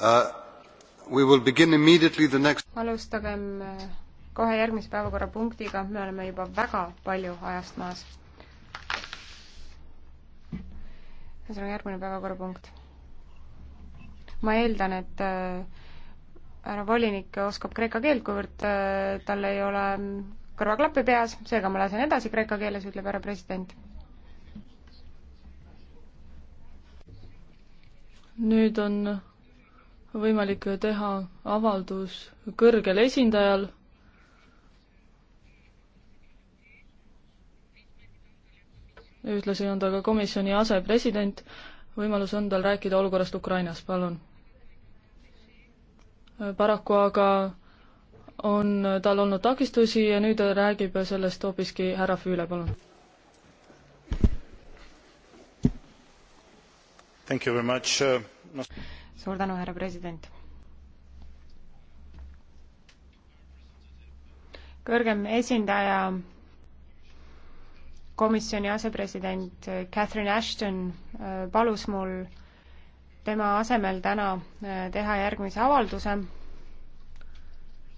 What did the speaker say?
uh,. Next... alustagem uh, kohe järgmise päevakorrapunktiga, me oleme juba väga palju ajast maas. see on järgmine päevakorrapunkt. ma eeldan, et uh, härra volinik oskab kreeka keelt, kuivõrd uh, tal ei ole kõrvaklappe peas, seega ma lasen edasi kreeka keeles, ütleb härra president nüüd on võimalik teha avaldus kõrgel esindajal ühtlasi on ta ka komisjoni asepresident. võimalus on tal rääkida olukorrast Ukrainas, palun. paraku aga on tal olnud takistusi ja nüüd räägib sellest hoopiski härra Füüle, palun. Thank you very much uh, suur tänu, härra president. kõrgem esindaja, komisjoni asepresident Catherine Ashton äh, palus mul tema asemel täna äh, teha järgmise avalduse